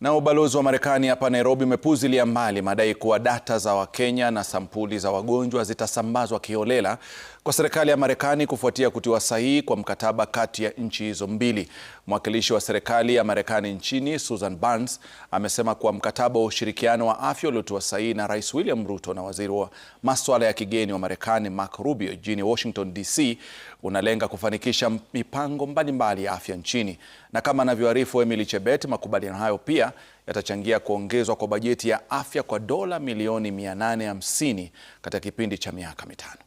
Na ubalozi wa Marekani hapa Nairobi umepuzilia mbali madai kuwa data za Wakenya na sampuli za wagonjwa zitasambazwa kiholela kwa serikali ya Marekani kufuatia kutiwa sahihi kwa mkataba kati ya nchi hizo mbili. Mwakilishi wa serikali ya Marekani nchini, Susan Burns, amesema kuwa mkataba wa ushirikiano wa afya uliotiwa sahihi na Rais William Ruto na waziri wa masuala ya kigeni wa Marekani Mark Rubio jijini Washington DC unalenga kufanikisha mipango mbalimbali mbali ya afya nchini, na kama anavyoarifu Emily Chebet, makubaliano hayo pia yatachangia kuongezwa kwa bajeti ya afya kwa dola milioni 850 katika kipindi cha miaka mitano.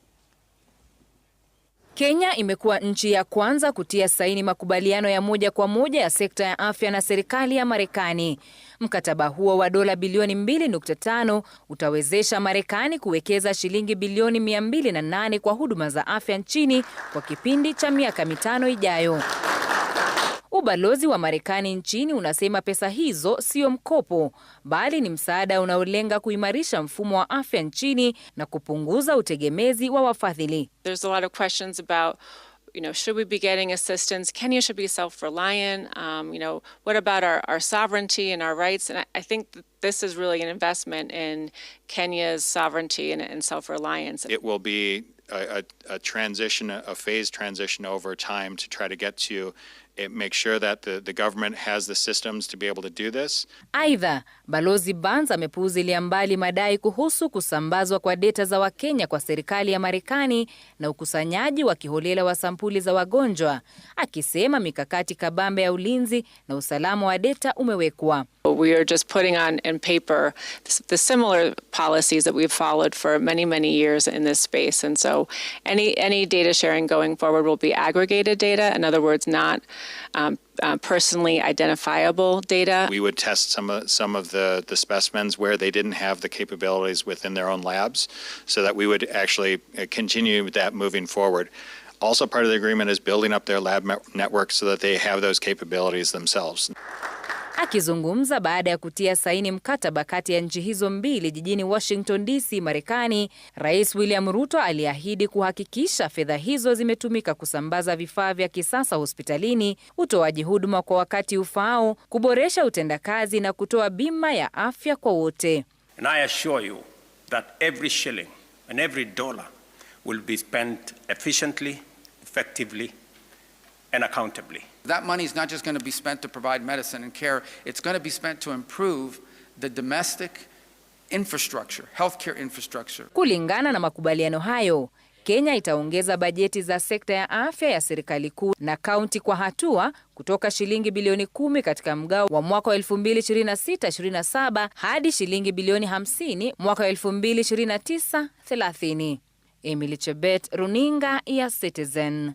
Kenya imekuwa nchi ya kwanza kutia saini makubaliano ya moja kwa moja ya sekta ya afya na serikali ya Marekani. Mkataba huo wa dola bilioni 2.5 utawezesha Marekani kuwekeza shilingi bilioni 208 kwa huduma za afya nchini kwa kipindi cha miaka mitano ijayo. Ubalozi wa Marekani nchini unasema pesa hizo sio mkopo, bali ni msaada unaolenga kuimarisha mfumo wa afya nchini na kupunguza utegemezi wa wafadhili. You know, should we be getting assistance? Kenya should be self-reliant. Um, you know, what about our, our sovereignty and our rights? And I, I think that this is really an investment in Kenya's sovereignty and, and self-reliance. It will be a, a, a transition, a phase transition over time to try to get to It makes sure that the, the government has the systems to be able to do this. Aidha, Balozi Barnes amepuuzilia mbali madai kuhusu kusambazwa kwa data za Wakenya kwa serikali ya Marekani na ukusanyaji wa kiholela wa sampuli za wagonjwa, akisema mikakati kabambe ya ulinzi na usalama wa data umewekwa. We are just putting on in paper the similar policies that we've followed for many, many years in this space. And so any, any data sharing going forward will be aggregated data, in other words, not um, uh, personally identifiable data. We would test some of, some of the, the specimens where they didn't have the capabilities within their own labs so that we would actually uh, continue that moving forward. Also, part of the agreement is building up their lab network so that they have those capabilities themselves. Akizungumza baada ya kutia saini mkataba kati ya nchi hizo mbili jijini Washington DC, Marekani, Rais William Ruto aliahidi kuhakikisha fedha hizo zimetumika kusambaza vifaa vya kisasa hospitalini, utoaji huduma kwa wakati ufaao, kuboresha utendakazi na kutoa bima ya afya kwa wote. And I assure you that every shilling and every dollar will be spent efficiently, effectively and accountably. That money is not just going to be spent to provide medicine and care, it's going to be spent to improve the domestic infrastructure, healthcare infrastructure. Kulingana na makubaliano hayo, Kenya itaongeza bajeti za sekta ya afya ya serikali kuu na kaunti kwa hatua kutoka shilingi bilioni kumi katika mgao wa mwaka wa 2026-27 hadi shilingi bilioni 50 mwaka wa 2029-30. Emily Chebet, Runinga ya Citizen.